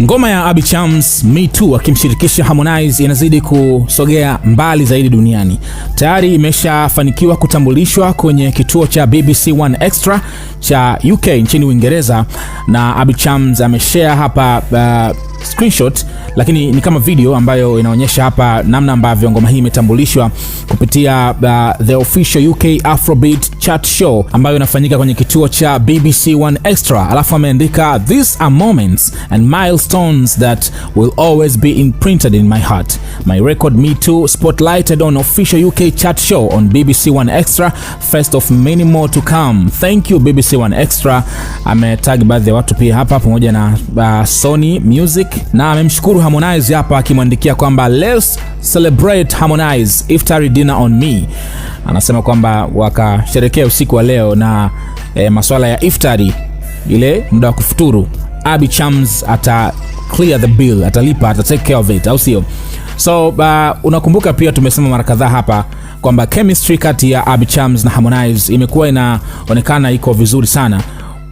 Ngoma ya Abby Chams Me Too akimshirikisha Harmonize inazidi kusogea mbali zaidi duniani. Tayari imeshafanikiwa kutambulishwa kwenye kituo cha BBC One Extra cha UK nchini Uingereza na Abby Chams ameshare hapa uh, screenshot, lakini ni kama video ambayo inaonyesha hapa namna ambavyo ngoma hii imetambulishwa kupitia uh, the official UK Afrobeat chat Show ambayo inafanyika kwenye kituo cha BBC One Extra, alafu ameandika these are moments and milestones that will always be imprinted in my heart. My record Me Too spotlighted on official UK chat Show on BBC One Extra, first of many more to come. Thank you BBC One Extra. Ametag baadhi ya watu pia hapa pamoja na uh, Sony Music na amemshukuru Harmonize hapa akimwandikia kwamba let's celebrate Harmonize iftari dinner on me. Anasema kwamba wakasherekea usiku wa leo na e, eh, masuala ya iftari ile muda wa kufuturu. Abi Chams ata clear the bill, atalipa, ata take care of it, au sio? So uh, unakumbuka pia tumesema mara kadhaa hapa kwamba chemistry kati ya Abi Chams na Harmonize imekuwa inaonekana iko vizuri sana.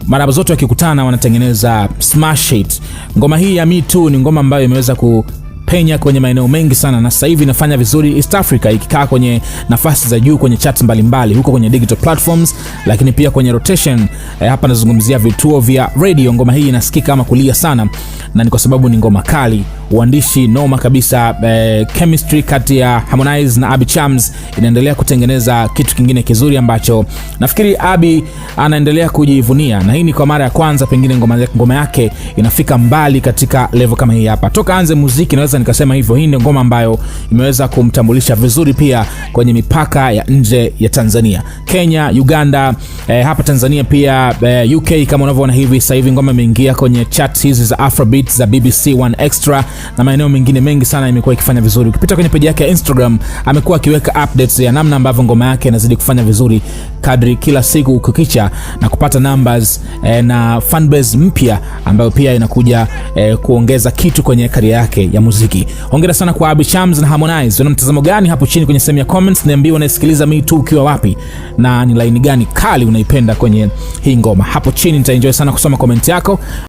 Mara zote wakikutana wanatengeneza smash hit Ngoma hii ya Me Too ni ngoma ambayo imeweza ku penya kwenye maeneo mengi sana na sasa hivi inafanya vizuri East Africa ikikaa kwenye nafasi za juu kwenye chat mbalimbali huko kwenye digital platforms, lakini pia kwenye rotation eh. Hapa nazungumzia vituo vya radio, ngoma hii inasikika kama kulia sana, na ni kwa sababu ni ngoma kali uandishi noma kabisa eh, chemistry kati ya Harmonize na Abby Chams inaendelea kutengeneza kitu kingine kizuri ambacho nafikiri Abby anaendelea kujivunia, na hii ni kwa mara ya kwanza pengine ngoma, ngoma yake inafika mbali katika level kama hii hapa toka anze muziki, naweza nikasema hivyo. Hii ndio ngoma ambayo imeweza kumtambulisha vizuri pia kwenye mipaka ya nje ya Tanzania, Kenya, Uganda, eh, hapa Tanzania pia eh, UK kama unavyoona hivi sasa hivi ngoma imeingia kwenye chat hizi za Afrobeat za BBC One Extra na maeneo mengine mengi sana imekuwa ikifanya vizuri. Ukipita kwenye peji yake ya Instagram amekuwa akiweka updates ya namna ambavyo ngoma yake inazidi kufanya vizuri kadri kila siku ukikicha na kupata numbers eh, na fanbase mpya ambayo pia inakuja eh, kuongeza kitu kwenye karia yake ya muziki. Hongera sana kwa Abby Chams na Harmonize. Una mtazamo gani hapo chini kwenye sehemu ya comments? Niambie unaisikiliza Me Too ukiwa wapi na ni laini gani kali unaipenda kwenye hii ngoma. Hapo chini nitaenjoy sana kusoma comment yako.